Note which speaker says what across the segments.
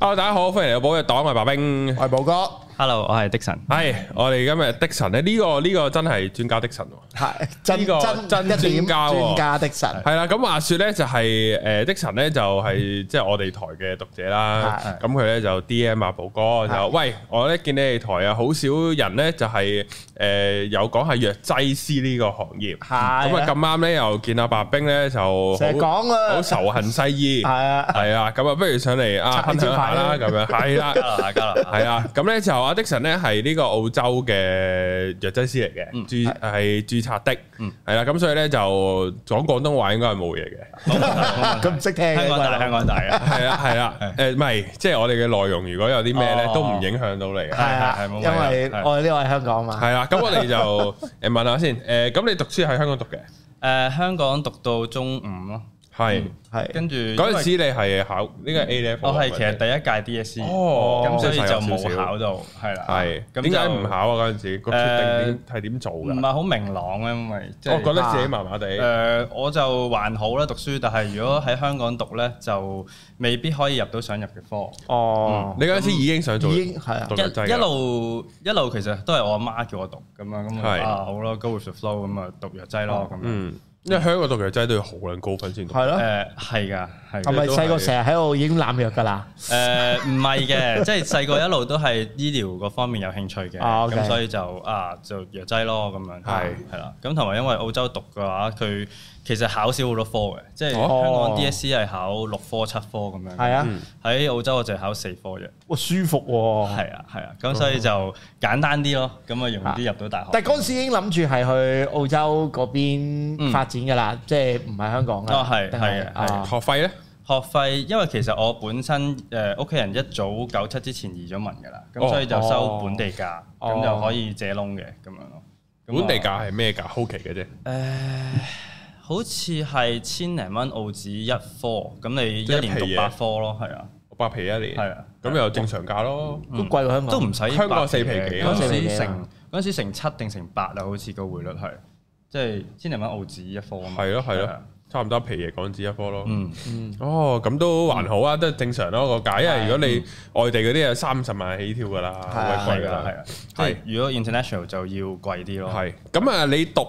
Speaker 1: Hello，大家好，歡迎嚟《寶藥黨》，我係白兵，我係寶哥。Hello，我係 Dickson，係我哋今日 Dickson 咧，呢個呢個真係專家 Dickson 喎，係真個真專家專家 Dickson，係啦。咁話說咧就係誒 Dickson 咧就係即係我哋台嘅讀者啦，咁佢咧就 DM 啊，寶哥就喂，我咧見你哋台啊，好少人咧就係誒有講下藥劑師呢個行業，係咁啊，咁啱咧又見阿白兵咧就好好仇恨西醫，係啊係啊，咁啊不如上嚟啊分享下啦咁樣，係啦，係啊，咁咧就啊。Dickson 咧係呢個澳洲嘅藥劑師嚟嘅，註係註冊的，係啦，咁所以咧就講廣東話應該係冇嘢嘅，
Speaker 2: 佢唔識聽啊嘛，
Speaker 1: 香港仔啊，係啦係啦，誒唔係，即係我哋嘅內容如果有啲咩咧都唔影響到你，係啊，因為我哋
Speaker 2: 呢個喺香港嘛，係啊，
Speaker 1: 咁我哋就誒問下先，誒咁你讀書喺香港讀嘅？誒香港
Speaker 3: 讀到中五咯。係，係跟住嗰陣時你係考
Speaker 1: 呢個 A level 我係其實第
Speaker 3: 一屆 DSE 咁所以就冇考到，係啦。係點解唔考啊？嗰陣時個決定係點做㗎？唔係好明朗啊，因為我覺得自己麻麻地。誒，我就還好啦，讀書，但係如果喺香港讀咧，就未必可以入到想入嘅科。哦，你嗰陣時已經想做，已
Speaker 1: 經係啊，一路
Speaker 3: 一路其實都係我阿媽叫我讀咁啊，咁啊好咯，go with the flow 咁啊讀藥劑咯咁。因為香港讀其實真係都要好難高分先讀，係咯，呃，誒係㗎。係咪細個成日喺
Speaker 2: 度已經濫藥噶啦？誒，唔係嘅，即係細個一
Speaker 3: 路都係醫療嗰方面有興趣嘅。哦，咁所以就啊，就藥劑咯，咁樣係係啦。咁同埋因為澳洲讀嘅話，佢其實考少好多科嘅，即係香港 DSE 係考六科七科咁樣。係啊，喺澳洲我就考四科啫。
Speaker 2: 哇，舒服喎！係
Speaker 3: 啊，係啊，咁所以就簡單啲咯，咁啊容易啲入到大學。但
Speaker 2: 係嗰陣時已經諗住係去澳洲嗰邊發展噶啦，即係唔係香港啦。啊，係係啊，
Speaker 3: 學費咧？學費，因為其實我本身誒屋企人一早九七之前移咗民嘅啦，咁所以就收本地價，咁就可以借窿嘅咁樣咯。本地價係咩價？好奇嘅啫。誒，好似係千零蚊澳紙一科，咁你一年讀八科咯，係啊，八皮一年，係啊，咁又正常價咯，
Speaker 2: 都貴咯，都唔使香港四皮幾嗰陣時成，
Speaker 3: 嗰陣時成七定成八啊，好似個匯率係，即係千零蚊澳紙一科啊係咯係咯。差唔多皮嘢港紙一科咯，嗯嗯，
Speaker 1: 哦，咁都還好啊，嗯、都正常咯個價，因為如果你外地嗰啲啊三十萬起跳噶啦，好鬼、嗯、貴噶，係啊，
Speaker 3: 係。如果 international 就要貴啲咯，係。
Speaker 1: 咁啊，你讀？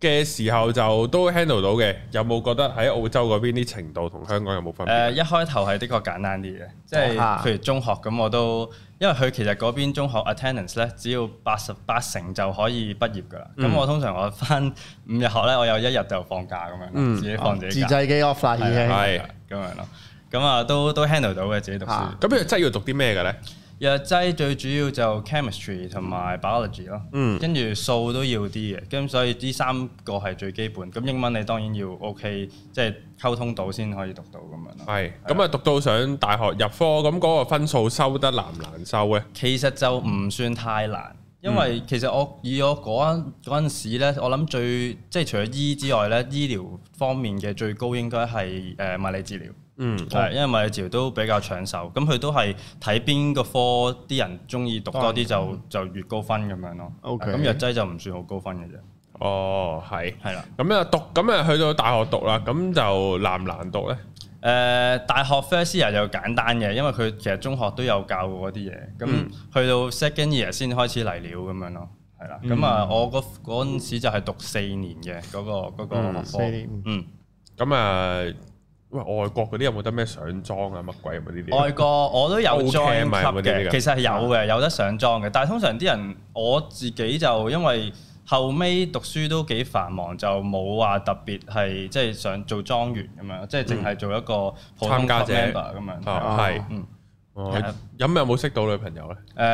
Speaker 1: 嘅時候就都 handle 到嘅，有冇覺得喺澳洲嗰邊啲程度同香港有冇分別？誒、呃，一
Speaker 3: 開頭係的確簡單啲嘅，即係譬如中學咁，我都因為佢其實嗰邊中學 attendance 咧，只要八十八成就可以畢業噶啦。咁、嗯、我通常我翻五日學咧，我有一日就放假咁樣，嗯、自己放自己自製
Speaker 2: 嘅 offload 係咁樣咯。
Speaker 3: 咁啊，都都 handle 到嘅自己讀書。咁譬如真係要讀啲咩嘅咧？藥劑最主要就 chemistry 同埋 biology 咯，嗯，跟住數都要啲嘅，咁所以呢三個係最基本。咁英文你當然要 OK，即係溝通到先可以讀到咁樣咯。係是，咁啊是讀到上大學入科，咁嗰個分數收得難唔難收嘅？其實就唔算太難。因為其實我以我嗰陣時咧，我諗最即係除咗醫之外咧，醫療方面嘅最高應該係誒物理治療。嗯，係、哦、因為物理治療都比較搶手，咁佢都係睇邊個科啲人鍾意讀多啲就就越高分咁樣咯。OK，咁藥劑就唔算好高分嘅啫。哦，係，係啦的。咁啊讀咁啊去到大學讀啦，咁就難唔難讀咧？誒、呃、大學 first year 就簡單嘅，因為佢其實中學都有教過嗰啲嘢，咁、嗯、去到 second year 先開始嚟料咁樣咯，係啦。咁啊、嗯，咁我嗰、嗰、嗰、陣、時就係讀年四年嘅嗰個嗰個嗯，
Speaker 1: 咁啊，喂、呃，外國嗰啲有冇得咩上莊啊？乜鬼啊？啲外國我都有 join 嘅，okay, 有有其實係有嘅，
Speaker 3: 有得上莊嘅，但係通常啲人，我自己就因為。後尾讀書都幾繁忙，就冇話特別係即係想做莊員咁樣，即係淨係做一個參加者咁樣。哦，係，嗯，哦，噉有冇識到女朋友咧？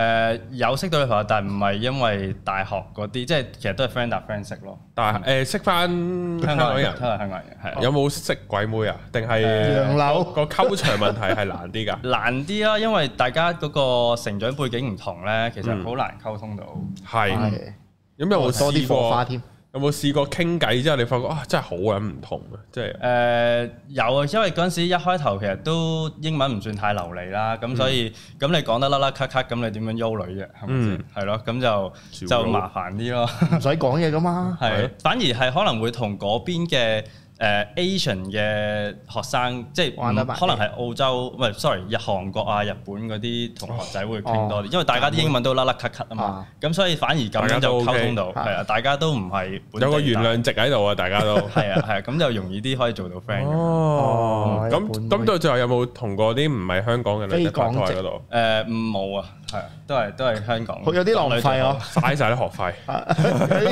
Speaker 3: 誒，有識到女朋友，但係唔係因為大學嗰啲，即係其實都係 friend 搭 friend 識咯。但係誒，識返香港人，香港
Speaker 1: 有冇識鬼妹啊？
Speaker 3: 定係洋樓
Speaker 1: 個溝場問題係難啲㗎？
Speaker 3: 難啲啊，因為大家嗰個成長背景唔同咧，其實好難溝通到，係。
Speaker 1: 有冇多啲火花添？有冇試過傾偈之後，你發覺啊，真係好撚唔
Speaker 3: 同啊！即係誒有啊，因為嗰陣時一開頭其實都英文唔算太流利啦，咁、嗯、所以咁你講得甩甩卡卡，咁你點樣邀女嘅？係咪先？係咯、嗯，咁就超路 就麻煩啲咯，唔
Speaker 2: 使講嘢㗎嘛，係
Speaker 3: 反而係可能會同嗰邊嘅。誒、uh, Asian 嘅學生，即係可能係澳洲，唔係、嗯，sorry，日韓國啊、日本嗰啲同學仔會傾多啲，哦、因為大家啲英文都甩甩咳咳啊嘛，咁、啊嗯、所以反而咁樣就溝通到，係、OK，啊，啊，大家都唔係有個原諒
Speaker 1: 值喺度啊，大家都
Speaker 3: 係啊係啊，咁就容
Speaker 1: 易啲可以做到 friend。
Speaker 3: 哦，咁
Speaker 1: 咁、哦、到最後有冇同過啲唔係香港嘅女仔喺嗰度？
Speaker 3: 誒，冇、呃、啊。係，都係都係香港，有啲浪費哦，嘥晒啲學費，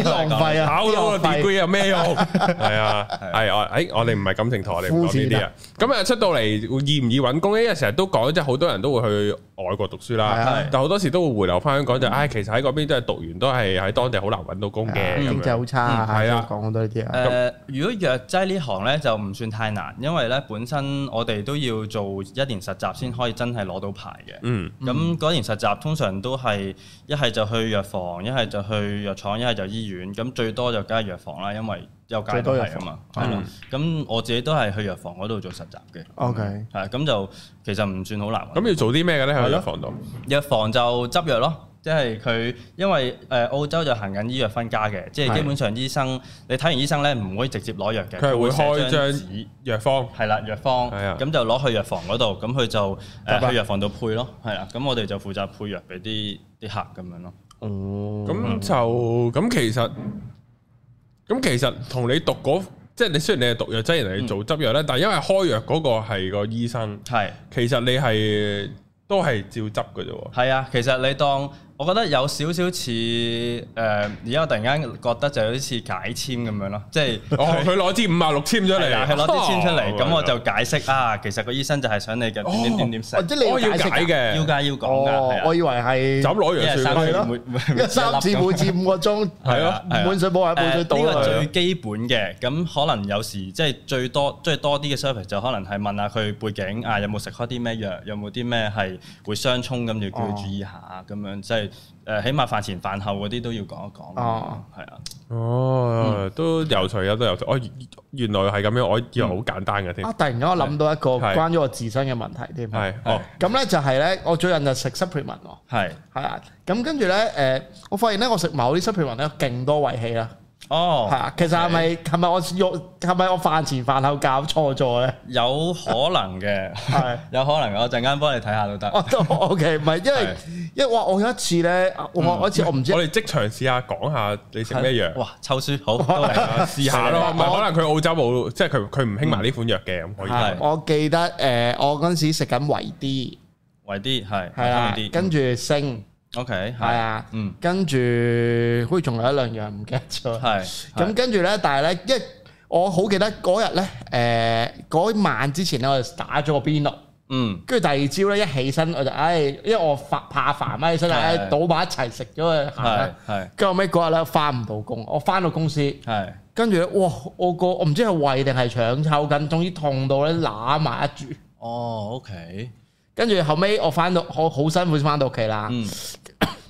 Speaker 3: 啲浪費啊，考到個 degree 有咩用？係啊，係
Speaker 1: 我，誒我哋唔係感情台，我哋唔講呢啲啊。咁啊出到嚟易唔易揾工咧？因為成日都講，即係好多人都會去外國讀書啦，但好多時都會回流翻香港。就唉，其實喺嗰邊都係讀完都係喺當地好難揾到工嘅，咁真
Speaker 2: 係好差。係啊，講多啲啊。
Speaker 3: 如果藥劑呢行咧就唔算太難，因為咧本身我哋都要做一年實習先可以真係攞到牌嘅。嗯，咁嗰年實。習通常都係一係就去藥房，一係就去藥廠，一係就醫院。咁最多就梗係藥房啦，因為有街都係噶嘛。係啦，咁嗎、嗯、我自己都係去藥房嗰度做實習嘅。OK，係咁就其實唔算好難。咁
Speaker 1: 要做啲咩嘅咧？喺藥房度，
Speaker 3: 藥、啊、房就執藥咯。即係佢，因為誒澳洲就行緊醫藥分家嘅。即係基本上醫生你睇完醫生咧，唔可以直接攞藥嘅，佢係會開張紙藥方，係啦，藥方，係啊，咁就攞去藥房嗰度，咁佢就誒去藥房度配咯，係啦，咁我哋就負責配藥俾啲啲客咁樣咯。嗯，
Speaker 2: 咁
Speaker 1: 就咁其實，咁其實同你讀嗰即係你雖然你係讀藥劑人嚟做執藥咧，但係因為開藥嗰個係個醫生，係其實你係
Speaker 3: 都係照執嘅啫喎。係啊，其實你當我覺得有少少似誒，而家我突然間覺得就有啲似解簽咁樣咯，即係佢
Speaker 1: 攞支五啊六簽咗
Speaker 3: 嚟，係攞支簽出嚟，咁我就解釋啊，其實個醫生就係想你嘅點點點寫，即係你要解嘅，要解要講㗎。我
Speaker 2: 以為係就攞藥三至五，一三至五至五個鐘，係咯，半水冇話半水到最
Speaker 3: 基本嘅，咁可能有時即係最多即係多啲嘅 service 就可能係問下佢背景啊，有冇食開啲咩藥，有冇啲咩係會相沖咁，要叫佢注意下咁樣，即係。誒，起碼飯前飯後嗰啲都要講一
Speaker 2: 講。哦，係啊的，哦，
Speaker 1: 都有趣，有都有趣。我、哦、原來係咁樣，我以為好簡單嘅添、嗯啊。突然間我諗
Speaker 2: 到一個關於我自身嘅問題添。係，哦，咁咧的就係、是、咧，我最近就食 supplement 喎。係，係啊，咁跟住咧，誒，我發現咧，我食某啲 supplement 咧，勁多胃氣啦。哦，係其實係咪係咪我用係咪我飯前飯後搞錯咗咧？有可能嘅，
Speaker 3: 係有可能我陣間幫你睇下都
Speaker 2: 得。O K，唔係，因為因為哇，我有一次咧，我次我唔知。我哋即場試
Speaker 1: 下講下你食咩藥。哇，抽書，好，都嚟啦，試下咯。唔係，可能佢澳洲冇，即係佢佢唔興埋呢款藥嘅。咁我
Speaker 2: 我記得誒，我嗰陣時食緊維 D，維 D 係，係啦，跟住升。OK，係啊對，嗯，跟住好似仲有一兩樣唔記，記得咗，係、呃，咁跟住咧，但係咧，一我好記得嗰日咧，誒嗰晚之前咧，我就打咗個邊爐，嗯，跟住第二朝咧一起身我就，唉、哎，因為我煩怕煩啊，起身咧，倒把是、哎、一齊食咗。為行啦，跟後尾嗰日咧，返唔到工，我返到公司，係是，跟住咧，哇，我個我唔知係胃定係腸抽筋，總之痛到咧攬埋一住，哦，OK。跟住後尾我翻到我好，好辛苦先翻到屋企啦，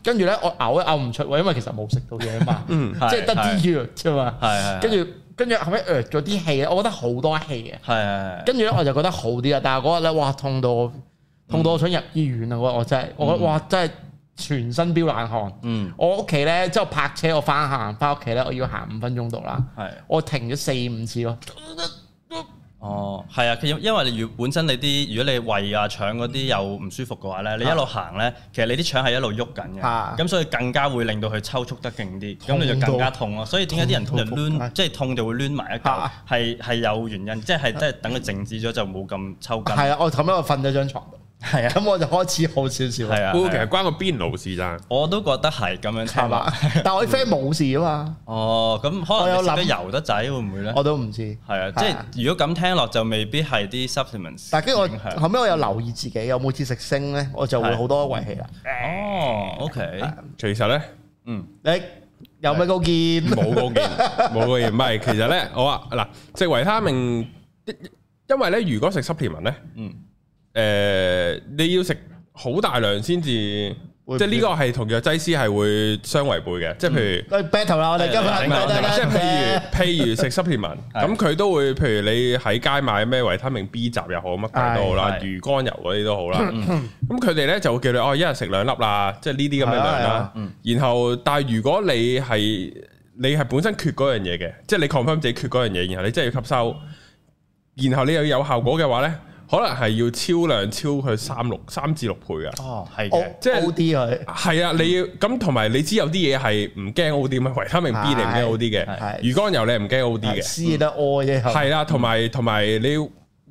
Speaker 2: 跟住咧我嘔一嘔唔出，因為其實冇食到嘢嘛，嗯、即係得啲藥啫嘛。跟住跟住後尾，壓咗啲氣，我覺得好多氣啊。跟住咧我就覺得好啲啦，但係嗰日咧，哇，痛到我痛到我想入醫院啊！嗯、我覺得真係我哇真係全身飆冷汗。嗯、我屋企咧之後泊車，我翻行翻屋企咧，我要行五分鐘到啦是。我停咗四五次咯。呃
Speaker 3: 哦，係啊，因為你如本身你啲，如果你胃啊腸嗰啲又唔舒服嘅話咧，啊、你一路行咧，其實你啲腸係一路喐緊嘅，咁、啊、所以更加會令到佢抽搐得勁啲，咁到你就更加痛咯。所以點解啲人就痛就攣，即係痛就會攣埋一嚿，係係、啊、有原因，即係即係等佢靜止咗就冇咁抽筋。係啊，啊，
Speaker 2: 啊，我咁樣我瞓咗張床。係啊，咁我就開始好少少。係啊，其實
Speaker 3: 關個邊爐事啫，我都覺得係咁樣差喇。
Speaker 2: 但我啲 friend 冇事啊嘛。
Speaker 3: 哦，咁可能自己油得滯，會唔會咧？我都唔知。係啊，即係如果咁聽落，就未必係啲 supplements。但係跟住我後尾我有留
Speaker 2: 意自己，有每次食星咧，我就會好多胃氣啦。哦，OK，
Speaker 3: 其實咧，嗯，你
Speaker 2: 有咩高見？
Speaker 1: 冇高見，冇高見。唔係，其實咧，我話嗱食維他命，因為咧，如果食 supplement 咧，嗯。誒，你要食好大量先至，即係呢個係同藥劑師係會相違背嘅。即係
Speaker 2: 譬如啦，我哋今日
Speaker 1: 即係譬如譬如食 supplement，咁佢都會，譬如你喺街買咩維他命 B 集又好，乜嘢都好啦，魚肝油嗰啲都好啦。咁佢哋咧就會叫你哦，一日食兩粒啦。即係呢啲咁嘅量啦。然後，但係如果你係你係本身缺嗰樣嘢嘅，即係你 confirm 自己缺嗰樣嘢，然後你真係要吸收，然後你又要有效果嘅話咧。可能係要超量超過三六三至六倍啊。哦，係嘅，O D 佢係啊，你要咁，同埋你知有啲嘢係唔驚 O D 咩？維他命 B 你唔驚 O D 嘅，魚肝油你唔驚 O D 嘅，C 得屙啫。係啦，同埋同埋你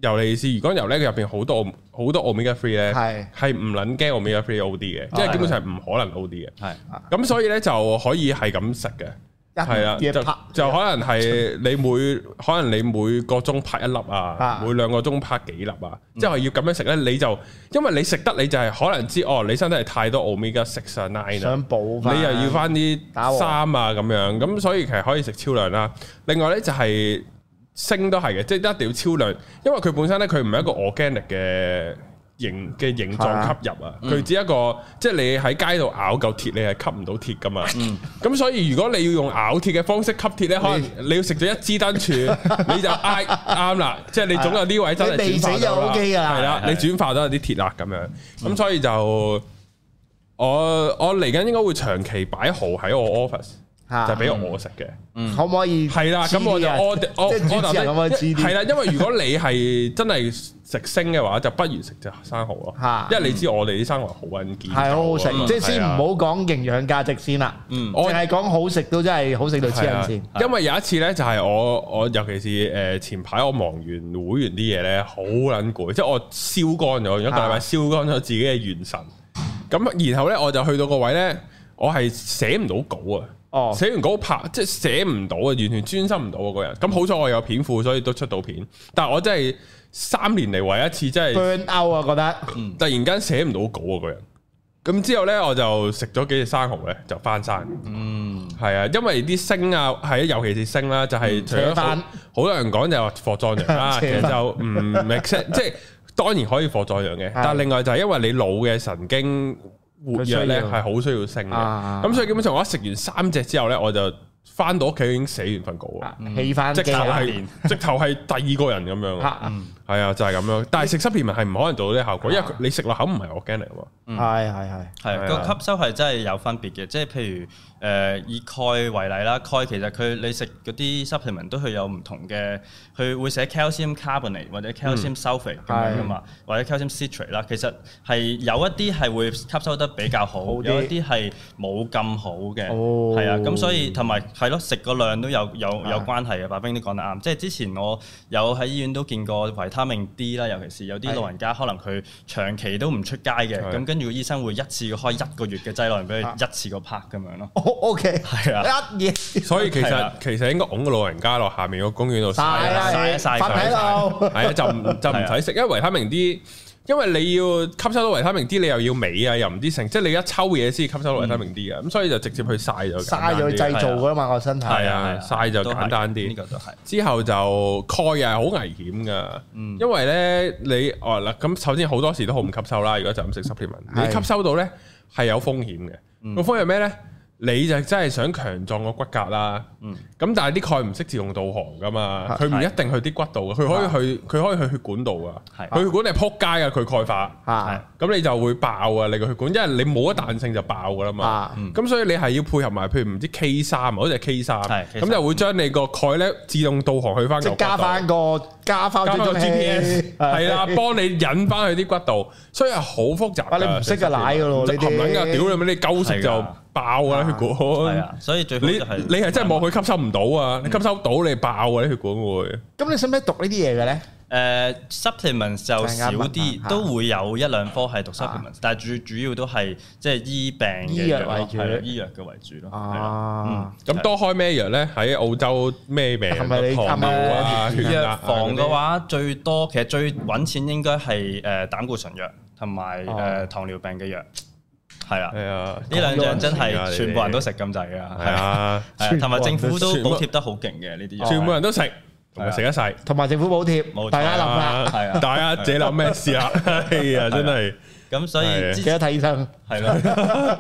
Speaker 1: 尤其是魚肝油咧，入邊好多好多 omega three 咧，係係唔撚驚 omega three O D 嘅，即係基本上唔可能 O D 嘅。係咁所以咧就可以係咁食嘅。係啊就，就可能係你每可能你每個鐘拍一粒啊，啊每兩個鐘拍幾粒啊，嗯、即係要咁樣食呢。你就因為你食得你就係可能知哦，你身體係太多 omega six 啊 nine 啊，想補，你又要翻啲三啊咁和樣，咁所以其實可以食超量啦、啊。另外呢，就係升都係嘅，即係一定要超量，因為佢本身呢，佢唔係一個 organic 嘅。嗯形嘅形狀吸入啊，佢只一個，嗯、即係你喺街度咬嚿鐵，你係吸唔到鐵噶嘛。咁、嗯、所以如果你要用咬鐵嘅方式吸鐵咧，你可能你要食咗一支燈柱，你就嗌啱啦。即係你總有呢位真係轉化咗啦。係啦，你轉化咗啲鐵啊，咁樣。咁、嗯、所以就我我嚟緊應該會長期擺蠔喺我 office。
Speaker 2: 就俾我食嘅，可唔可以？係啦，咁我就我我我就咁樣知啲。係啦，因為如果你係
Speaker 1: 真係食星嘅話，就不如食隻生蠔咯。吓，因為你知我哋啲生蠔好穩健，係好好食，即係先唔好
Speaker 2: 講營養價值先啦。我淨係講好食都真係好食到黐人先。
Speaker 1: 因為有一次咧，就係我我尤其是誒前排我忙完會員啲嘢咧，好撚攰，即係我燒乾咗，一個禮拜燒乾咗自己嘅元神。咁然後咧，我就去到個位咧，我係寫唔到稿啊。哦，寫完稿拍即係寫唔到啊，完全專心唔到啊，個人咁好彩我有片庫，所以都出到片。但係我真係三年嚟唯一一次真係斷拗啊，我覺得突然間寫唔到稿啊，個人咁之後呢，我就食咗幾隻生蠔呢就翻生。嗯，係啊，因為啲星啊係啊，尤其是星啦、啊，就係、是、除咗好，斑好多人講就話霍壯陽啦、啊，斑其實就唔唔係星，斜斑 即係當然可以霍壯陽嘅，但係另外就係因為你腦嘅神經。活躍咧，係好需要性嘅，咁、啊、所以基本上我一食完三隻之後咧，我就。翻到屋企已經寫完份稿啊！起翻直頭係直頭係第二個人咁樣啊！係啊，就係咁樣。但係食 supplement 係唔可能做到啲效果，因為你食落口唔係我驚嚟喎。係係係係，個吸
Speaker 3: 收係真係有分別嘅。即係譬如誒以鈣為例啦，鈣其實佢你食嗰啲 supplement 都係有唔同嘅，佢會寫 calcium carbonate 或者 calcium sulphate 咁樣噶嘛，或者 calcium citrate 啦。其實係有一啲係會吸收得比較好，有一啲係冇咁好嘅。哦，係啊，咁所以同埋。係咯，食個量都有有有關係嘅，白兵都講得啱。即係之前我有喺醫院都見過維他命 D 啦，尤其是有啲老人家可能佢長期都唔出街嘅，咁、哎、呀跟住個醫生會一次開一個月嘅劑量俾佢，一次個 pack 咁樣咯。
Speaker 2: O K，係
Speaker 1: 啊，一嘢。所以其實、嗯、其實應該擁個老人家落下面個公園度曬啦，曬曬曬。係啊，就就唔使食，因為維他命 D。因為你要吸收到維他命 D，你又要鎂啊，又唔知性，即係你一抽嘢先吸收到維他命 D 嘅、嗯，咁所以就直接去曬咗，曬咗去製造噶嘛個身體，曬就簡單啲。呢個都係之後就鈣又係好危險噶，嗯、因為咧你哦嗱，咁首先好多時都好唔吸收啦，如果就咁食 supplement、嗯、你吸收到咧係有風險嘅，個、嗯、風險咩咧？你就真係想強壯個骨骼啦，咁但係啲鈣唔識自動導航噶嘛，佢唔一定去啲骨度，佢可以去佢可以去血管度噶，佢血管係撲街啊！佢鈣化嚇，咁你就會爆啊你個血管，因為你冇一彈性就爆噶啦嘛，咁所以你係要配合埋譬如唔知 K 三或者係 K 三，咁就會將你個鈣咧自動導航去翻。即加翻
Speaker 2: 個加翻啲 GPS，係啦，幫
Speaker 1: 你引翻去啲骨度，所以係好複雜。你唔識就舐噶咯，含撚噶，屌你咪你鳩食就。爆啊！血管係啊，所以最好你係真係望佢吸收唔到啊！你吸收到你爆啊！啲血管會。
Speaker 2: 咁你使唔使讀呢啲嘢嘅咧？
Speaker 3: 誒，supplement 就少啲，都會有一兩科係讀 supplement，但係最主要都係即係醫病、醫藥咯，係醫藥嘅為主咯。啊，
Speaker 1: 咁多開咩藥咧？喺澳洲咩藥？係咪你？係藥房嘅
Speaker 3: 話最多，其實最搵錢應該係誒膽固醇藥同埋誒糖尿病嘅藥。係啊，呢兩樣真係全部人都食咁滯噶，係啊，同埋政府都補貼得好勁嘅呢啲嘢。全部人都食，
Speaker 2: 食得曬，同埋政府補貼，大家諗下，係啊，大家自己諗咩事啊？係啊，真係。咁所以自己睇醫生，係咯，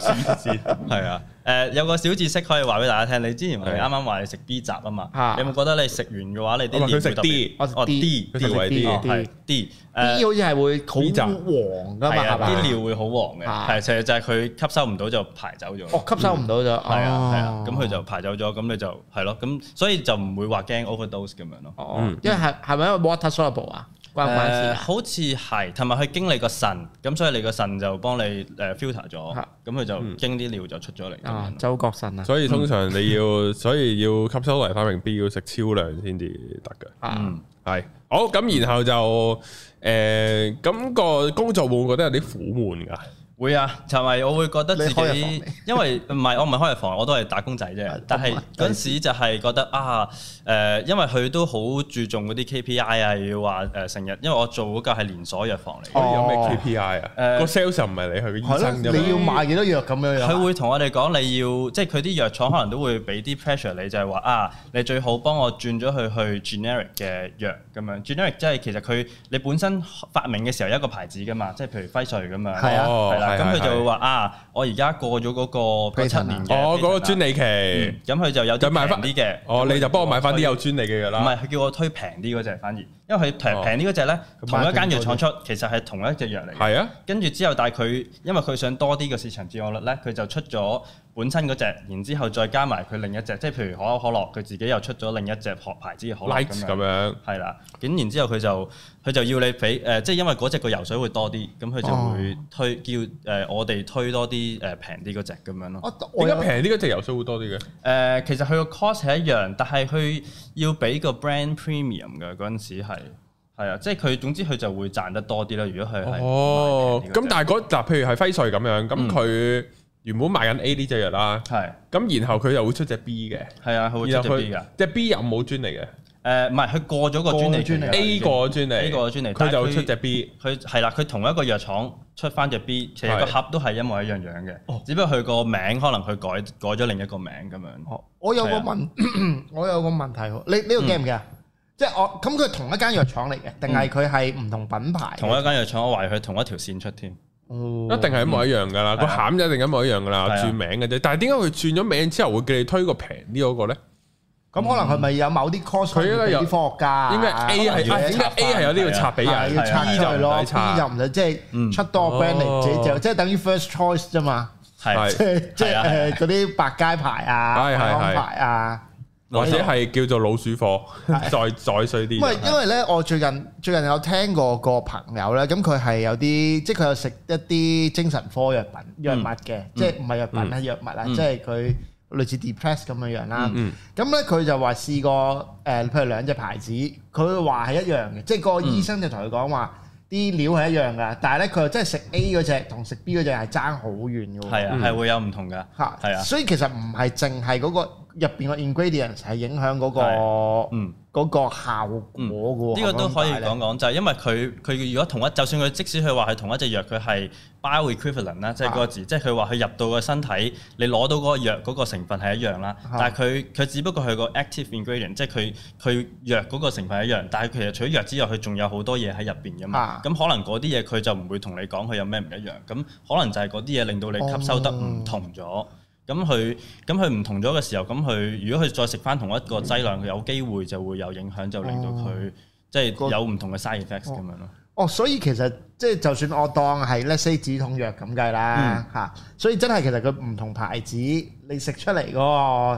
Speaker 2: 係啊。
Speaker 3: 誒有個小知識可以話俾大家聽，你之前我哋啱啱話食 B 雜啊嘛，你有冇覺得你食完嘅話，你啲尿會低哦低位啲
Speaker 2: 哦係低好似係會好黃㗎嘛，係咪？啲尿
Speaker 3: 會好黃嘅，係，其實就係佢吸收唔到就排走咗。哦，吸收唔到就，係啊係啊，咁佢就排走咗，咁你就係咯，咁所以就唔會話驚 overdose 咁樣咯。哦，因為
Speaker 2: 係係咪因為 water soluble 啊？關唔關事？呃、
Speaker 3: 好似係，同埋佢經歷個腎，咁所以你個腎就幫你誒 filter 咗，咁佢的就經啲尿就出咗嚟。嗯、樣啊，周
Speaker 2: 國腎啊！所以通常你
Speaker 1: 要， 所以要吸收維他命 B 要食超量先至得嘅。啊的，係的。好，咁然後就誒，咁、嗯呃那個工作會唔會覺得有啲苦悶噶？
Speaker 3: 會啊，就係我會覺得自己，因為唔係我唔係開藥房，我都係打工仔啫。但係嗰陣時就係覺得啊，誒，因為佢都好注重嗰啲 KPI 啊，要話誒成日，因為我做嗰個係連鎖藥房嚟嘅。有咩 KPI 啊？誒，個 sales 又唔係你去嘅醫生啫嘛。係咯，你要買
Speaker 2: 幾多藥咁樣？佢
Speaker 3: 會同我哋講你要，即係佢啲藥廠可能都會俾啲 pressure 你，就係話啊，你最好幫我轉咗去去 generic 嘅藥咁樣。generic 即係其實佢你本身發明嘅時候有一個牌子㗎嘛，即係譬如輝瑞咁樣。係啊，係啦。咁佢就會話啊，我而家過咗嗰、那個七年，啊、哦嗰、那個專利期，咁佢、嗯、就有啲買翻啲嘅，哦你就幫我買翻啲有專利嘅藥啦。唔係，佢叫我推平啲嗰隻，反而。因為佢平平啲嗰隻咧，哦、同一間藥廠出，其實係同一隻藥嚟。係啊，跟住之後，但係佢因為佢想多啲嘅市場佔有率咧，佢就出咗本身嗰隻，然之後再加埋佢另一隻，即係譬如可口可樂，佢自己又出咗另一隻學牌子嘅可樂咁 Light 樣。係啦樣，咁、啊、然之後佢就佢就要你俾誒、呃，即係因為嗰隻嘅油水會多啲，咁佢、哦、就會推叫誒我哋推多啲誒平啲嗰隻咁樣咯。啊、點解平啲嗰隻油水會多啲嘅？誒、呃，其實佢個 cost 係一樣，但係佢要俾個 brand premium 嘅嗰陣時係。係啊，即係佢，總之佢就會賺得多啲啦。如果佢係哦，咁但係嗰集，譬
Speaker 1: 如係輝瑞咁樣，咁佢原本賣緊 A 呢隻藥啦，係咁然後佢又會出隻
Speaker 3: B 嘅，係啊，佢會出隻 B 嘅，即係 B 又冇專利嘅，誒，唔係佢過咗個專利，A 過咗專利，A 過咗專利，佢就會出隻 B，佢係啦，佢同一個藥廠出翻隻 B，其實個盒都係一模一樣樣嘅，只不過佢個名可能佢改改咗另一個名咁樣。
Speaker 2: 我有個問，我有個問題，你呢個驚唔驚啊？即係我咁，佢同一間藥廠嚟嘅，定係佢係唔同品牌？同一
Speaker 3: 間藥廠，我懷疑佢同一條綫出添，
Speaker 2: 一定係一模一樣噶啦，個餡就
Speaker 1: 一定一模一樣噶啦，轉名嘅啫。但係點解佢轉咗名之後會叫你推個
Speaker 2: 平啲嗰個咧？咁可能係咪有某啲 cost，佢應該有科學家，應該 A 係，應該 A 係有啲要拆俾人，依就咯，依就唔使即係出多個 brand 嚟，就即係等於 first choice 啫嘛。係即係即係嗰啲百佳牌啊，百康牌啊。或者係
Speaker 1: 叫做老鼠貨，再再衰啲。因為
Speaker 2: 咧，我最近最近有聽過個朋友咧，咁佢係有啲，即係佢有食一啲精神科藥品藥物嘅，即係唔係藥品啊，藥物啊，即係佢類似 depress 咁樣樣啦。咁咧，佢就話試過誒，譬如兩隻牌子，佢話係一樣嘅，即係個醫生就同佢講話，啲料係一樣噶，但係咧，佢又真係食 A 嗰隻同食 B 嗰隻係爭好遠嘅喎。係啊，係會有
Speaker 3: 唔同嘅。嚇，係啊，所以其
Speaker 2: 實唔係淨係嗰個。入邊個 ingredients 係影響嗰、嗰個，嗯，嗰個效果嘅呢個都可以講
Speaker 3: 講，就係因為佢佢如果同一，就算佢即使佢話係同一隻藥，佢係 bio equivalent 啦，即係嗰個字，即係佢話佢入到個身體，你攞到嗰個藥嗰個成分係一樣啦。啊、但係佢佢只不過係個 active ingredient，即係佢佢藥嗰個成分一樣，但係其實除咗藥之外，佢仲有好多嘢喺入邊嘅嘛。咁、啊、可能嗰啲嘢佢就唔會同你講佢有咩唔一樣。咁可能就係嗰啲嘢令到你吸收得唔同咗。嗯嗯。咁佢咁佢唔同咗嘅時候，咁佢如果佢再食翻同一個劑量，佢有機會就會有影響，就令到佢即係有唔同嘅 side effect 咁樣咯。
Speaker 2: 哦，所以其實即係就算我當係 let say 止痛藥咁計啦，嚇、嗯，所以真係其實佢唔同牌子你食出嚟嗰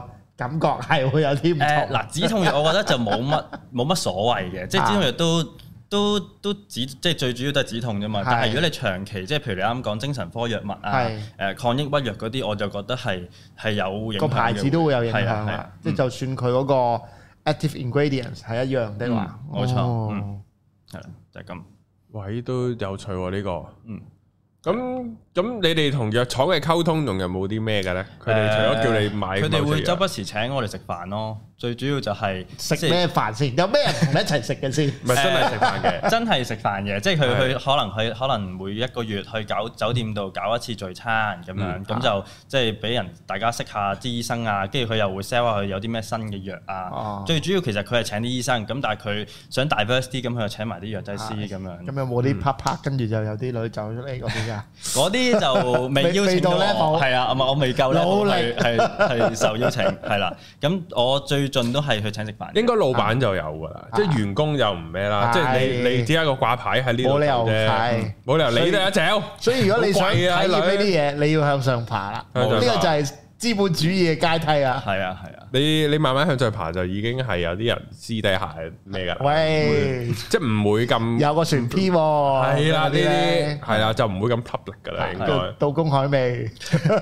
Speaker 2: 個感覺係會有啲唔同，呃。嗱、呃，止痛藥我
Speaker 3: 覺得就冇乜冇乜所謂嘅，即係止痛藥都。都都止即係最主要都係止痛啫嘛，但係如果你長期即係譬如你啱講精神科藥物啊，誒抗抑鬱藥嗰啲，我就覺得係係有影響，個牌子都會有影響啦，
Speaker 2: 即係就算佢嗰個 active ingredients 係一樣的話，冇錯，
Speaker 3: 係啦
Speaker 1: 就係咁。喂，都有趣喎呢個，嗯，咁咁你哋同藥廠嘅溝通仲有冇啲咩嘅咧？佢哋除咗叫你買，佢哋會周不時
Speaker 3: 請我哋食飯咯。最主要就係食咩
Speaker 2: 飯先，有咩人同你一齊食嘅先。唔係真係食飯嘅，真
Speaker 3: 係食飯嘅，即係佢去可能去可能每一個月去搞酒店度搞一次聚餐咁樣，咁就即係俾人大家識下啲醫生啊，跟住佢又會 sell 下佢有啲咩新嘅藥啊。最主要其實佢係請啲醫生，咁但係佢想 diverse 啲咁佢就請埋啲藥劑師咁樣。
Speaker 2: 咁有冇啲啪啪，跟住就有啲女走出嚟嗰啲啊？嗰啲就未邀請到咧，冇。係啊，我未夠 level 係係受邀請，
Speaker 3: 係啦。咁我最最盡都係去請食飯，應該老闆就有噶啦。啊、即係員工就唔咩
Speaker 1: 啦，啊、即係你你只一個掛牌喺呢度冇理由啫，冇理由你都有一招，所以，走所以如果你、啊、想睇呢
Speaker 2: 啲嘢，啊、你要向上爬啦，呢個就係。啊資本主義嘅階梯啊！係啊係啊！
Speaker 1: 你你慢慢向再爬就已經係有啲人私底下係咩㗎？喂，即係唔會咁
Speaker 2: 有個船 P 喎。係啦，呢啲
Speaker 1: 係啦，就唔會咁 public 㗎啦。應該
Speaker 2: 到公海未？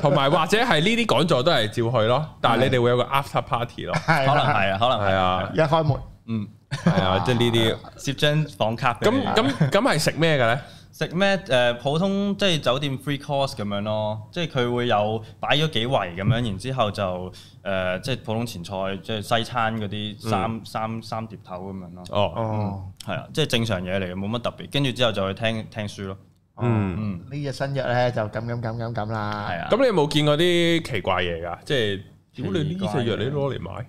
Speaker 1: 同埋或者係呢啲講座都係照去咯，但係你哋會有個
Speaker 3: after party 咯。可能係啊，可能係啊，一開門，嗯係啊，即係呢啲摺張房卡。咁咁咁係食咩嘅咧？食咩？誒、呃、普通即係酒店 free course 咁樣咯，即係佢會有擺咗幾圍咁樣，然之後就誒、呃、即係普通前菜，即係西餐嗰啲三、嗯、三三碟頭咁樣咯。哦哦，係啊、嗯，即係正常嘢嚟嘅，冇乜特別。跟住之後就去聽聽書咯。嗯嗯，
Speaker 2: 呢隻、嗯嗯、新藥咧就咁咁咁咁咁啦。係啊。
Speaker 3: 咁你有冇見過啲奇怪嘢㗎？即係如果你呢啲細藥你攞嚟買，誒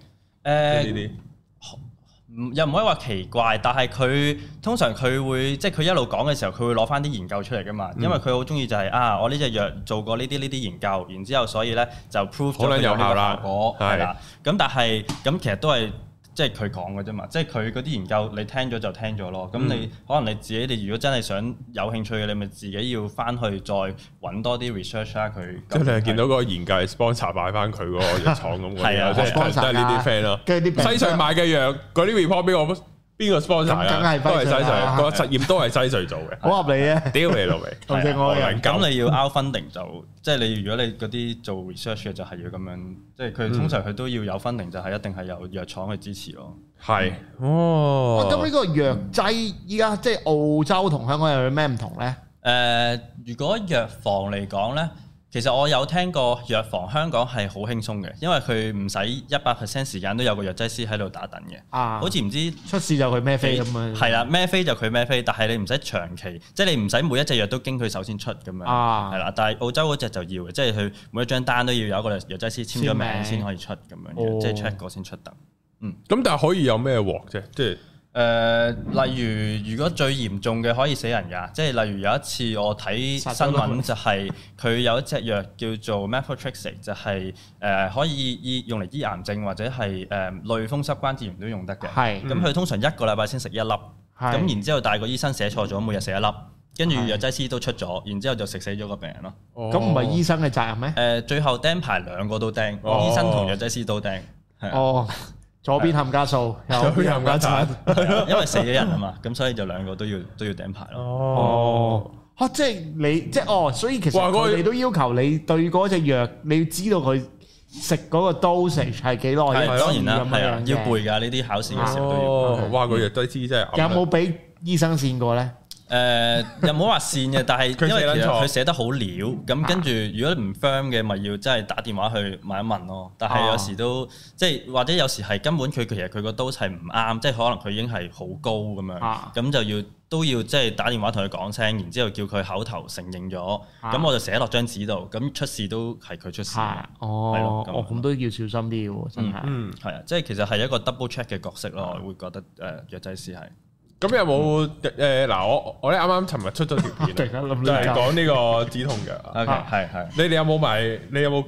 Speaker 3: 呢啲。呃又唔可以話奇怪，但係佢通常佢會即係佢一路講嘅時候，佢會攞翻啲研究出嚟㗎嘛，嗯、因為佢好中意就係、是、啊，我呢隻藥做過呢啲呢啲研究，然之後所以咧就 prove 咗佢呢個效果係啦。咁的但係咁其實都係。即係佢講嘅啫嘛，即係佢嗰啲研究你聽咗就聽咗咯。咁你、嗯、可能你自己，你如果真係想有興趣嘅，你咪自己要翻去再揾多啲 research 啦。佢即係你係見
Speaker 1: 到個研究 sponsor 買翻佢嗰個藥廠咁，係 啊，即係係呢啲 friend 咯。 跟住啲市場買嘅藥，嗰啲 report 俾我。邊個 sponsor 啊？都係西隧，個實
Speaker 3: 驗都係西隧做
Speaker 2: 嘅，好合理嘅、啊，屌
Speaker 1: 你、啊、老味。咁你要
Speaker 3: out funding 就，即係你如果你嗰啲做 research 嘅就係、是、要咁樣，即係佢通常佢都要有 funding，就係、是、一定係有藥廠去支持咯。
Speaker 2: 係、嗯，是哦。咁呢個藥劑依家，即係澳洲同香港又有咩唔同咧？
Speaker 3: 誒、呃，如果藥房嚟講咧？其實我有聽過藥房香港係好輕鬆嘅，因為佢唔使一百 percent 時間都有個藥劑師喺度打等嘅。啊、好似唔知出事就佢咩飛咁樣。係啦的，咩的飛就佢咩飛，但係你唔使長期，即、就、係、是、你唔使每一隻藥都經佢手先出咁樣。啊，啦，但係澳洲嗰隻就要嘅，即係佢每一張單都要有一個藥劑師簽咗名先可以出咁名樣，即係 check 過先出得。哦、嗯，
Speaker 1: 咁但係可以有咩鑊啫？即係。
Speaker 3: 誒、呃，例如如果最嚴重嘅可以死人㗎，即係例如有一次我睇新聞，就係佢有一隻藥叫做 methotrexate 就係、是、誒、呃、可以醫用嚟醫癌症或者係誒、呃、類風濕關節炎都用得嘅。係是。咁佢、嗯、通常一個禮拜先食一粒，咁是然之後，但係個醫生寫錯咗，每日食一粒，跟住藥劑師都出咗，然之後就食死咗個病人咯。哦。咁唔係醫
Speaker 2: 生嘅責任咩？
Speaker 3: 誒、啊，最後釘牌兩個都釘，哦哦、醫生同藥劑師都釘。
Speaker 2: 哦。 左邊冚家素，右邊冚家鏟， 因為死咗人啊
Speaker 3: 嘛，咁所以就兩個都要都要頂牌咯。哦，
Speaker 2: 吓、哦啊，即係你，即係哦，所以其實我哋都要求你對嗰隻藥，你要知道佢食嗰個 dosage 係幾耐，係當然啦、啊，係樣啊，要背噶呢
Speaker 3: 啲考試嘅時候都要。哦、哇，嗰藥都知真係。有冇
Speaker 2: 俾醫生見過咧？
Speaker 3: 誒又冇話線嘅，但係因為佢寫得好潦，咁跟住如果唔 firm 嘅，咪要即係打電話去問一問咯。但係有時都即係或者有時係根本佢其實佢個 dose 係唔啱，即係可能佢已經係好高咁樣，咁就要都要即係打電話同佢講聲，然之後叫佢口頭承認咗，咁我就寫落張紙度，咁出事都係佢出事。
Speaker 2: 哦，哦，咁都要小心啲嘅喎，真
Speaker 3: 係。嗯，啊，即係其實係一個 double check 嘅角色咯，我會覺得誒藥劑師係。咁有冇誒嗱？我
Speaker 1: 我咧啱啱尋日出咗條片， 突然就係講呢個止痛藥。 OK，係係、啊。你
Speaker 3: 哋有冇買？你有冇？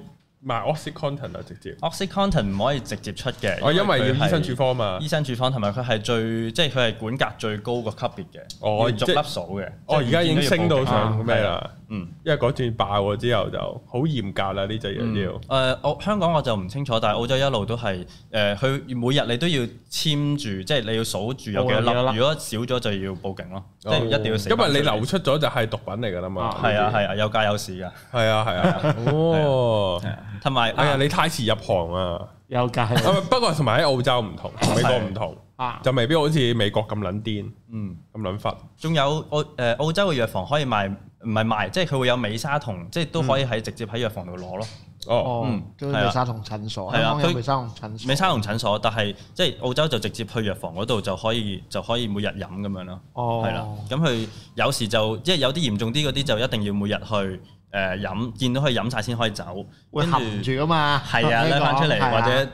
Speaker 3: 唔係 OxyContin 啊，直接 OxyContin 唔可以直接出嘅。哦，因為要醫生處方啊嘛，醫生處方同埋佢係最即係佢係管格最高個級別嘅。哦，即係逐粒數嘅。哦，而家已經升到上咩啦？嗯，因為嗰段爆咗之後就好嚴格啦，呢隻嘢要。誒，我香港我就唔清楚，但係澳洲一路都係誒，佢每日你都要簽住，即係你要數住有幾粒。如果少咗就要報警咯，即係一定要。因為你流
Speaker 1: 出咗就係毒品嚟㗎啦嘛。係啊係啊，有
Speaker 3: 價有市㗎。
Speaker 1: 係啊係啊，哦。同埋，哎呀，你太遲入行啊！有
Speaker 3: 㗎，不過同埋喺澳洲唔同，美國唔同，就未必好似美國咁撚癲，嗯，咁撚法，仲有澳誒澳洲嘅藥房可以賣，唔係賣，即係佢會有美沙酮，
Speaker 2: 即係都可以喺
Speaker 3: 直接喺藥房度攞咯。哦，嗯，美沙酮診所係啊，佢美
Speaker 2: 沙酮診所，美
Speaker 3: 沙酮診所，但係即係澳洲就直接去藥房嗰度就可以就可以每日飲咁樣咯。哦，係啦，咁佢有時就即係有啲嚴重啲嗰啲就一定要每日去。誒飲，見到可以飲曬先可以走，會含住噶嘛？係啊，拉翻出嚟或者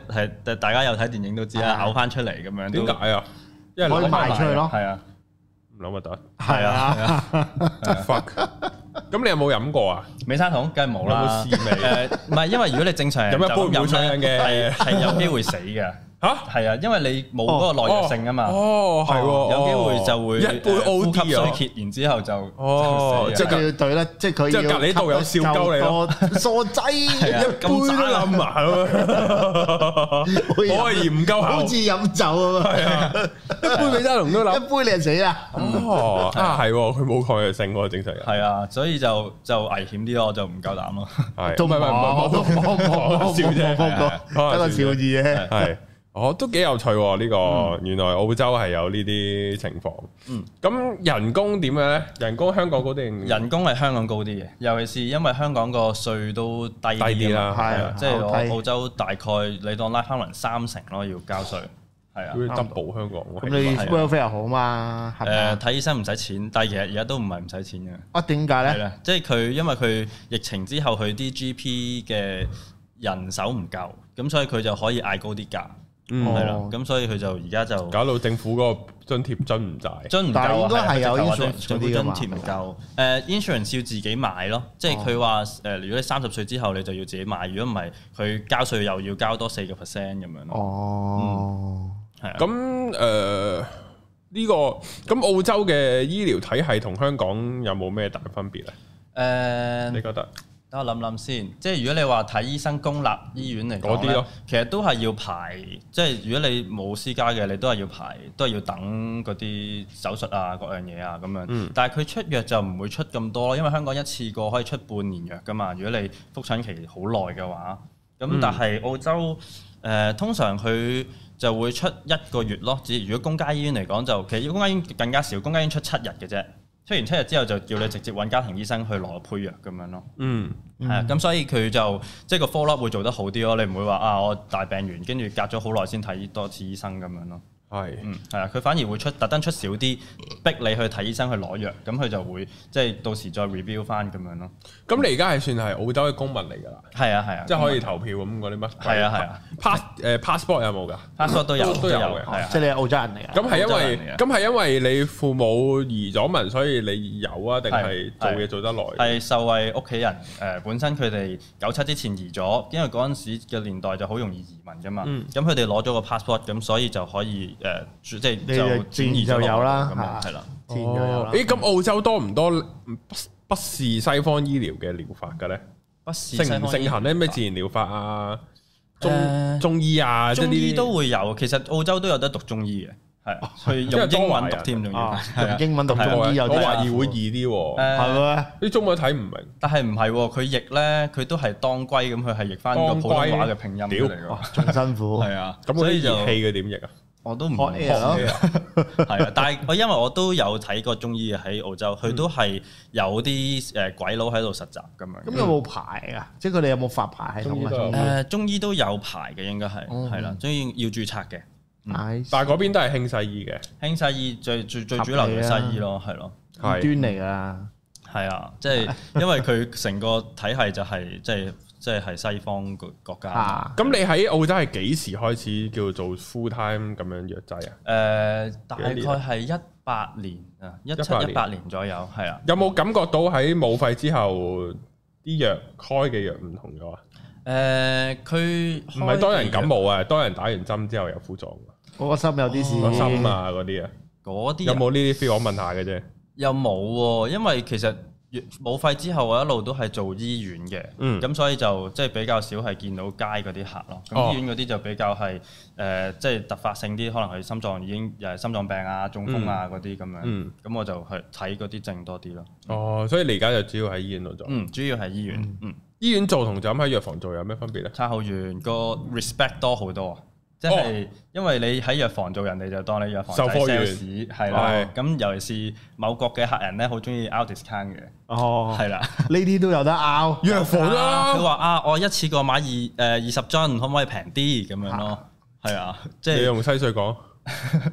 Speaker 3: 係大家有睇電影都知啦，嘔翻出嚟咁樣。點解啊？因為可以賣出去咯。係啊，唔諗得。係啊。真 f 咁你有冇飲過啊？美沙酮梗係冇啦。冇試味。誒唔係，因為如果你正常飲一般唔會嘔嘅，係有機會死嘅。啊，係啊，因為你冇嗰個耐藥性啊嘛。哦，係，有機會就會一杯澳吸衰竭，然之後就
Speaker 2: 哦，即係佢要懟得，即係佢即係隔籬度有笑鳩你，傻仔一杯都冧埋咯。我而唔夠好似飲酒咁啊，一杯美德龍都冧，一杯你就死啦。
Speaker 3: 哦，啊係，佢冇抗藥性喎，正常人。係啊，所以就就危險啲咯，就唔夠膽咯。係，唔咪唔我唔講講講講笑啫，係一個笑字啫。
Speaker 1: 係。哦，都幾有趣喎！呢個原來澳洲係有呢啲情況。嗯，
Speaker 3: 咁人工點樣咧？人工香港高定，人工係香港高啲嘅，尤其是因為香港個稅都低啲啊，即係澳洲大概你當拉康倫三成咯，要交稅。係啊，要執保香港，咁你 s p e l 非
Speaker 2: 常好嘛？誒，
Speaker 3: 睇醫生唔使錢，但係其實而家都唔係唔使錢嘅。
Speaker 2: 啊，點解咧？
Speaker 3: 即係佢因為佢疫情之後，佢啲 G P 嘅人手唔夠，咁所以佢就可以嗌高啲價。嗯，係啦，咁所以佢就而家就搞到政府嗰個津貼樽唔大，樽唔夠啊，就唔夠啊，津貼唔夠，誒，insurance 要自己買咯，即係佢話誒，如果你三十歲之後你就要自己買，如果唔係，佢交稅又要交多四個 percent 咁
Speaker 1: 樣咯。哦，係啊，咁誒呢個咁澳洲嘅醫療體系同香港有冇咩大分別咧？
Speaker 3: 誒、嗯，你覺得？我諗諗先，即係如果你話睇醫生，公立醫院嚟講，嗰啲咯、啊，其實都係要排。即係如果你冇私家嘅，你都係要排，都係要等嗰啲手術啊、各樣嘢啊咁樣。嗯、但係佢出藥就唔會出咁多咯，因為香港一次過可以出半年藥噶嘛。如果你復診期好耐嘅話，咁但係澳洲誒、嗯呃、通常佢就會出一個月咯。只如果公家醫院嚟講，就其實公家醫院更加少，公家醫院出七日嘅啫。出完七日之後就叫你直接揾家庭醫生去攞配藥咁樣咯。嗯，係、嗯、啊，咁所以佢就即係、就是、個科 o l 會做得好啲咯。你唔會話啊，我大病完跟住隔咗好耐先睇多次醫生咁樣咯。係，嗯，係啊，佢反而會出特登出少啲，逼你去睇醫生去攞藥，咁佢就會即係到時再 review 翻咁樣咯。咁你而家係算係澳洲嘅公民嚟㗎啦？係啊係啊，即係可以投票咁嗰啲乜？係啊係啊。Pass 誒
Speaker 1: passport 有冇㗎？passport 都有都有嘅，即係你係澳洲人嚟㗎。咁係因為咁係因為你父
Speaker 3: 母移咗民，所以你有啊？定係做嘢做得耐？係受惠屋企人誒，本身佢哋九七之前移咗，因為嗰陣時嘅年代就好容易移民㗎嘛。咁佢哋攞咗個 passport，咁所以就可以。誒，即係轉移就有啦，
Speaker 1: 係啦，哦，誒，咁澳洲多唔多不不是西方醫療嘅療法嘅咧？不是西，盛行咧咩自然療法啊，中中醫啊，中醫都會
Speaker 3: 有，其實澳洲都有得讀中醫嘅，係去用英文讀添，仲要用英文讀中醫，我懷疑會易啲，係咪？啲中文睇唔明，但係唔係，佢譯咧，佢都係當歸咁，佢係譯翻個普通話嘅拼音嚟，
Speaker 2: 仲辛苦，係啊，咁所以熱氣佢
Speaker 3: 點譯啊？我都唔學嘅，係啊！ 但係我因為我都有睇過中醫喺澳洲，佢都係有啲誒鬼佬喺度實習咁樣。咁、嗯、有冇
Speaker 2: 牌啊？即係佢哋有冇發牌喺咁啊？誒、
Speaker 3: 中醫都有牌嘅，應該係係啦，中醫、嗯、要註冊嘅。嗯、但係嗰邊都係興西醫嘅，興西醫最最最主流係西醫咯，係咯，高端嚟㗎，係啊，即係 因為佢成個體系就係即係。即係西方個國家。
Speaker 1: 咁、啊、你喺澳洲係幾時開始叫做 full time 咁樣藥劑啊？誒、呃，大概係
Speaker 3: 一八年啊，一七一八年左右，係
Speaker 1: 啊。有冇感覺到喺武肺之後啲藥開嘅藥唔同咗啊？誒、呃，佢唔係多人感冒啊，多
Speaker 3: 人打完針之後有副作用。
Speaker 2: 我個心有啲事，哦嗰個、心啊
Speaker 3: 嗰啲、嗰個、啊，啲有冇呢啲 feel？我問，問下嘅啫。又冇喎，因為其實。武肺之後，我一路都係做醫院嘅，咁、嗯、所以就即係、就是、比較少係見到街嗰啲客咯。咁、哦、醫院嗰啲就比較係誒，即、呃、係、就是、突發性啲，可能係心臟已經誒心臟病啊、中風啊嗰啲咁樣。咁、嗯、我就去睇嗰啲症多啲咯。
Speaker 1: 哦，所以你而家就主要喺醫院度做。嗯，主要係醫
Speaker 3: 院。嗯，醫院做同就咁喺藥房做有咩分別咧？差好遠，個 respect 多好多啊！即係因為你喺藥房做，人哋就當你藥房售貨員，係啦。咁尤其是某國嘅客人咧，好中意拗 discount 嘅。哦，係啦，
Speaker 2: 呢啲都有得拗藥房啦。佢
Speaker 3: 話啊，我一次過買二誒二十樽，可唔可以平啲咁樣咯？係啊，即係用廢水講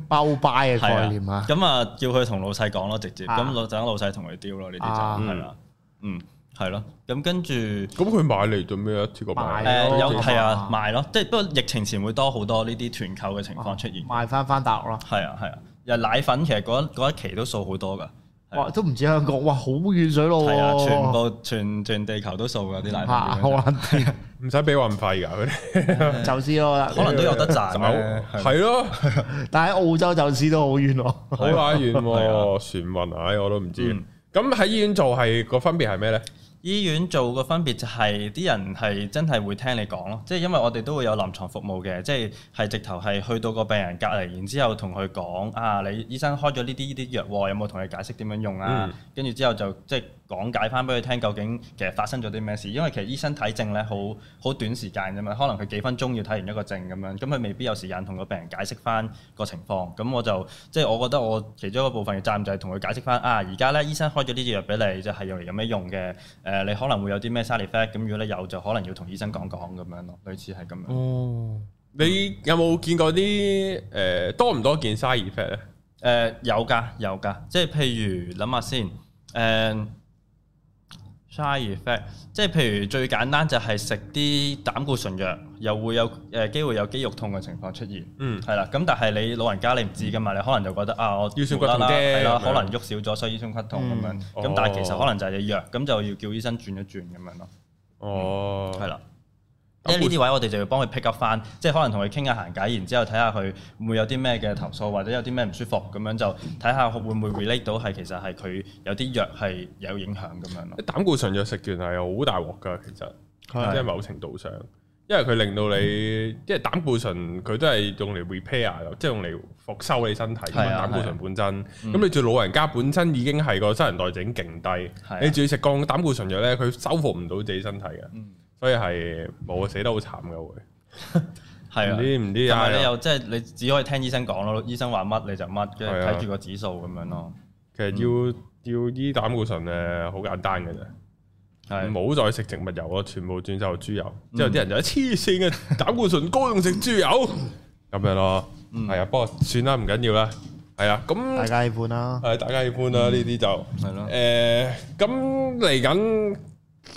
Speaker 3: 包
Speaker 1: 掰嘅概念啊。
Speaker 3: 咁啊，叫佢同老細講咯，直接。咁等老細同佢丟咯，呢啲就係啦。嗯。係咯，咁跟住咁佢買嚟做咩啊？呢個誒有係啊賣咯，即係不過疫情前會多好多呢啲團購嘅情況出現。賣翻翻大陸咯，係啊係啊，又奶粉其實嗰一期都掃好多噶。
Speaker 2: 哇，都唔止香港，哇好遠水路啊，全部
Speaker 3: 全全地球都掃有啲奶粉。好玩唔使俾運費㗎佢哋。就是咯，可能都
Speaker 2: 有得賺咧。係咯，但係喺澳洲就試到好遠喎，好鬼遠喎，
Speaker 1: 船運唉我都唔知。
Speaker 3: 咁喺醫院做係個分別係咩咧？醫院做個分別就係、是、啲人係真係會聽你講咯，即係因為我哋都會有臨床服務嘅，即係係直頭係去到個病人隔離，然之後同佢講啊，你醫生開咗呢啲呢啲藥喎，有冇同你解釋點樣用啊？跟住、嗯、之後就即係。講解翻俾佢聽，究竟其實發生咗啲咩事？因為其實醫生睇症咧，好好短時間啫嘛。可能佢幾分鐘要睇完一個症咁樣，咁佢未必有時間同個病人解釋翻個情況。咁我就即係、就是、我覺得我其中一個部分嘅責任就係同佢解釋翻啊。而家咧，醫生開咗呢支藥俾你，就係、是、用嚟咁樣用嘅。誒、呃，你可能會有啲咩 side effect？咁如果你有，就可能要同醫生講講咁樣咯。類似係咁樣。哦，你有冇見過啲誒、呃、多唔多件 side effect 咧？誒、呃、有㗎有㗎，即係譬如諗下先誒。想想想嗯 side effect，即係譬如最簡單就係食啲膽固醇藥，又會有誒、呃、機會有肌肉痛嘅情況出現。嗯，係啦。咁但係你老人家你唔知噶嘛，嗯、你可能就覺得啊，我腰痠骨痛啫，啦了，的可能喐少咗所以腰痠骨痛咁、嗯、樣。咁但係其實可能就係啲藥，咁、嗯哦、就要叫醫生轉一轉咁樣咯。嗯、哦，係啦。呢啲位我哋就要幫佢 pick up 翻，即係可能同佢傾下閒偈，然之後睇下佢會有啲咩嘅投訴，或者有啲咩唔舒服咁樣，就睇下會唔會 relate 到係其實係佢有啲藥係有影響咁樣咯。
Speaker 1: 膽固醇藥食完係好大鑊㗎，其實
Speaker 3: 的即係某
Speaker 1: 程度上，因為佢令到你，即、嗯、為膽固醇佢都係用嚟 repair，即係用嚟復修你身體。的膽固醇本身，咁的、嗯、你住老人家本身已經係個新陳代謝勁低，的的你仲要食降膽固醇藥咧，佢修復唔到自己身
Speaker 3: 體㗎。的所以係冇死得好慘噶會，係唔知唔知但係你又即係你只可以聽醫生講咯，醫生話乜你就乜，跟住睇住個指數咁樣咯。
Speaker 1: 其實要要醫膽固醇誒，好簡單嘅啫，係唔好再食植物油咯，全部轉做豬油。之後啲人就黐線嘅，膽固醇高，用食豬油咁樣咯。嗯，係啊，不過算啦，唔緊要啦。係啊，咁大家喜歡啦，係大家喜歡啦，呢啲就係咯。誒，咁嚟緊。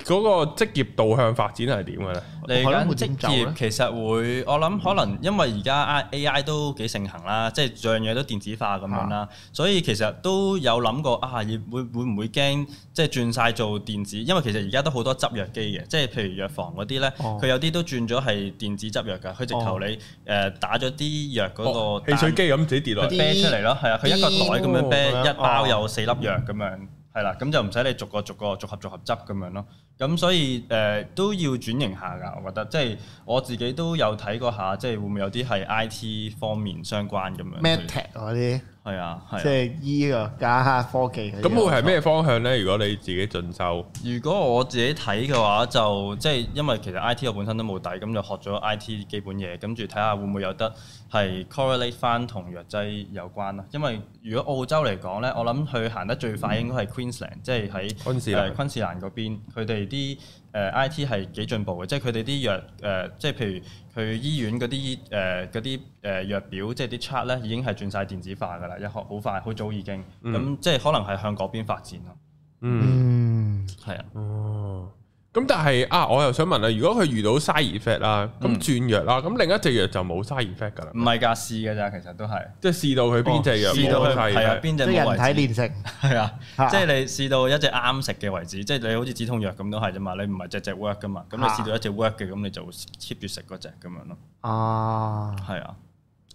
Speaker 1: 嗰個
Speaker 3: 職業導向發展係點嘅咧？你講職業其實會，我諗可能因為而家 AI 都幾盛行啦，即係樣樣嘢都電子化咁樣啦，所以其實都有諗過啊，會會唔會驚即係轉晒做電子？因為其實而家都好多執藥機嘅，即係譬如藥房嗰啲咧，佢有啲都轉咗係電子執藥噶，佢直頭你誒打咗啲藥嗰個汽水機咁自己跌落去，出嚟咯，係啊，佢一個袋咁樣啤一包有四粒藥咁樣。係啦，咁就唔使你逐個逐個逐盒逐盒執咁樣咯。咁所以誒、呃、都要轉型下㗎，我覺得。即係我自己都有睇過下，即係會唔會有啲係 IT 方面相關咁
Speaker 2: 樣。係啊，即係醫啊加下、這個、科技、這個。咁會係咩
Speaker 3: 方向呢？如果你自己進修，如果我自己睇嘅話，就即係因為其實 I T 我本身都冇底，咁就學咗 I T 基本嘢，跟住睇下會唔會有得係 correlate 翻同藥劑有關啦。因為如果澳洲嚟講呢，我諗佢行得最快應該係 Queensland，即係喺、嗯、昆士蘭。呃、昆士蘭嗰邊佢哋啲。誒 I T 係幾進步嘅，即係佢哋啲藥誒、呃，即係譬如佢醫院嗰啲誒嗰啲誒藥表，即係啲 chart 咧，已經係轉晒電子化㗎喇，一學好快，好早已經，咁、嗯、即係可能係向嗰邊發展咯。嗯，係、嗯、啊。哦。
Speaker 1: 咁但係啊，我又想問啦，如果佢遇到 side effect 啦，咁、嗯、轉藥啦，咁另一隻藥就冇
Speaker 3: side effect 噶啦？唔係㗎，試㗎咋，其實都係，
Speaker 1: 即係試到佢邊隻藥 effect，哦，試到佢係啊，邊隻，即人體
Speaker 3: 練
Speaker 2: 成，係啊，即係
Speaker 3: 你試到一隻啱食嘅為止，即係你好似止痛藥咁都係啫嘛，你唔係隻隻 work 噶嘛，咁你試到一隻 work 嘅，咁、啊、你就 keep 住食嗰隻咁樣咯。
Speaker 2: 啊，係啊。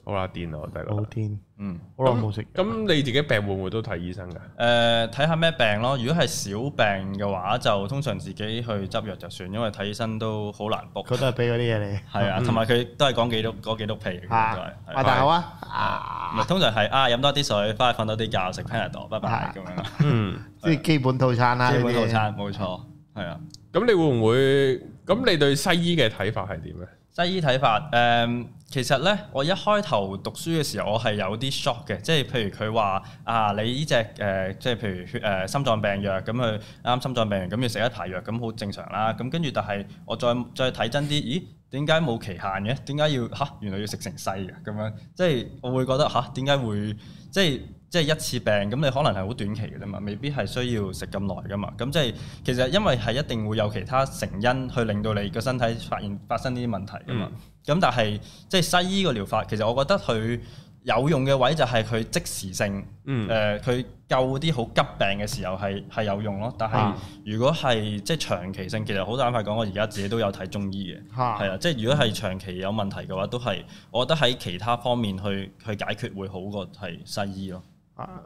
Speaker 2: 好啦，電咯，大佬。好冇電。嗯，都冇食。
Speaker 3: 咁你自己病會唔會都睇
Speaker 2: 醫生噶？
Speaker 3: 誒，睇下咩病咯。如果係小病嘅話，就通常自己去執藥就算，因為睇醫生都好難 book。佢
Speaker 2: 都係俾嗰啲嘢你。係啊，同埋佢
Speaker 3: 都係講幾多講幾多屁嘅，都係。大口啊，啊，通常係啊，飲多啲水，翻去瞓多啲覺，食 panadol，拜拜咁
Speaker 2: 樣。嗯，即係基本套餐啦。基本套餐，
Speaker 3: 冇錯，係啊。
Speaker 2: 咁你
Speaker 1: 會唔會？咁你對西醫嘅睇法係點咧？
Speaker 3: 西醫睇法，誒、嗯，其實咧，我一開頭讀書嘅時候，我係有啲 shock 嘅，即係譬如佢話啊，你呢隻誒、呃，即係譬如誒、呃、心臟病藥咁去啱心臟病人，咁要食一排藥，咁好正常啦。咁跟住，但係我再再睇真啲，咦，點解冇期限嘅？點解要嚇？原來要食成世嘅咁樣，即係我會覺得嚇，點解會即係？即係一次病咁，你可能係好短期嘅啫嘛，未必係需要食咁耐噶嘛。咁即係其實因為係一定會有其他成因去令到你個身體發現發生呢啲問題噶嘛。咁、嗯、但係即係西醫個療法，其實我覺得佢有用嘅位就係佢即時性。嗯。佢、呃、救啲好急病嘅時候係係有用咯。但係、啊、如果係即係長期性，其實好坦白講，我而家自己都有睇中醫嘅。嚇。係啊，即係如果係長期有問題嘅話，都係我覺得喺其他方面去去解決會好過係西醫咯。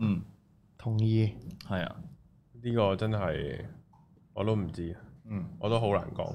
Speaker 3: 嗯、同意，係啊，呢個真係我都唔知，嗯，我都好、嗯、難講，
Speaker 2: 係、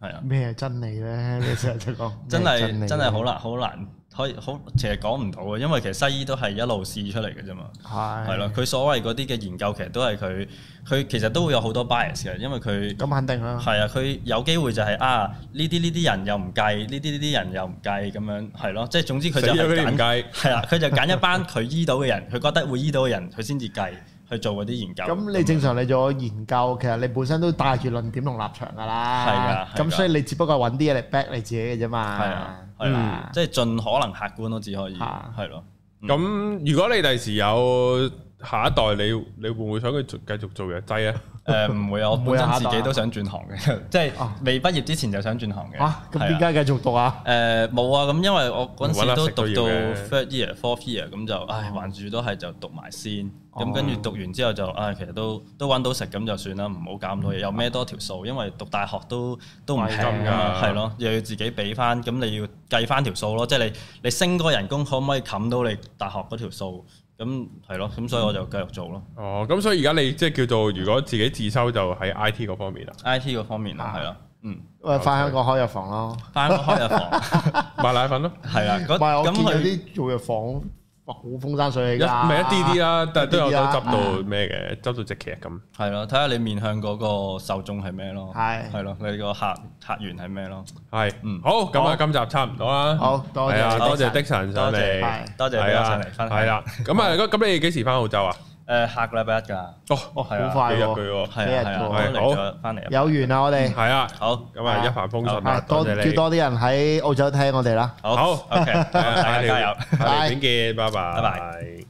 Speaker 2: 嗯、啊，咩係真理咧？你成日都講，真係真係好難，
Speaker 3: 好難。可以好，其實講唔到嘅，因為其實西醫都係一路試出嚟嘅啫嘛。
Speaker 2: 係是，係咯，佢
Speaker 3: 所謂嗰啲嘅研究，其實都係佢，佢其實都會有好多 bias 嘅，因為佢咁肯定啦。係啊，佢有機會就係、是、啊，呢啲呢啲人又唔計，呢啲呢啲人又唔計咁樣，係咯，即係總之佢就係揀計。係啊，佢就揀一班佢醫到嘅人，佢 覺得會醫到嘅人，佢先至計。去做嗰啲研究。咁
Speaker 2: 你正常你做研究，樣其實你本身都帶住論點同立場噶啦。係㗎。咁所以你只不過係揾啲嘢嚟 back 你自己嘅啫嘛。係啊。係啊。即係、嗯就是、
Speaker 3: 盡可能客觀都只可以。係咯的。咁的、嗯、如果你第時有下
Speaker 1: 一代，你你會唔會想佢繼續做嘅？制啊！ 誒唔、呃、會啊！我本身自己都想轉行
Speaker 3: 嘅，即係未畢業之前就想轉行嘅。咁點解繼續讀啊？誒冇啊！咁因為我嗰陣時都讀到 third year, th year、four year，咁就唉，哦、還住都係就讀埋先。咁跟住讀完之後就唉、啊，其實都都揾到食咁就算啦，唔好搞咁多嘢，又孭、嗯、多條數。嗯、因為讀大學都都唔平㗎，係咯的，又的要自己俾翻。咁你要計翻條數咯，即、就、係、是、你你，你升嗰人工可唔可以冚到你大學嗰條數？咁係咯，咁、嗯、所以我就繼續做咯。
Speaker 1: 哦，咁所以而家你即係叫做如果自己自修就喺 I T 嗰方面啦、啊。I T 嗰方面啦，係啦，啊、
Speaker 2: 嗯，我翻香港開藥房咯，翻香港開藥房
Speaker 1: 賣 奶粉咯，係
Speaker 3: 啊，咁
Speaker 2: 咁佢啲做藥房。好風山水嚟噶，唔係一啲啲啦，但係都有得執到
Speaker 3: 咩嘅，執到隻旗咁。係咯，睇下你面向嗰個受眾係咩咯，係，係咯，你個客客源係咩咯，
Speaker 1: 係，嗯，好，咁啊，今集差唔多啦，好多謝多謝迪神嚟，多謝迪神嚟，係啦，咁啊，咁咁你幾時翻澳洲啊？
Speaker 2: 誒，下個禮拜一㗎。哦，哦，係啊，好快喎，幾日喎，翻嚟啊，有緣啊，我哋。
Speaker 3: 係啊，好，咁啊，一帆風順啊，多叫多
Speaker 2: 啲人喺澳洲聽我哋啦，好 OK，大家加油，下年
Speaker 1: 見，拜拜，拜拜。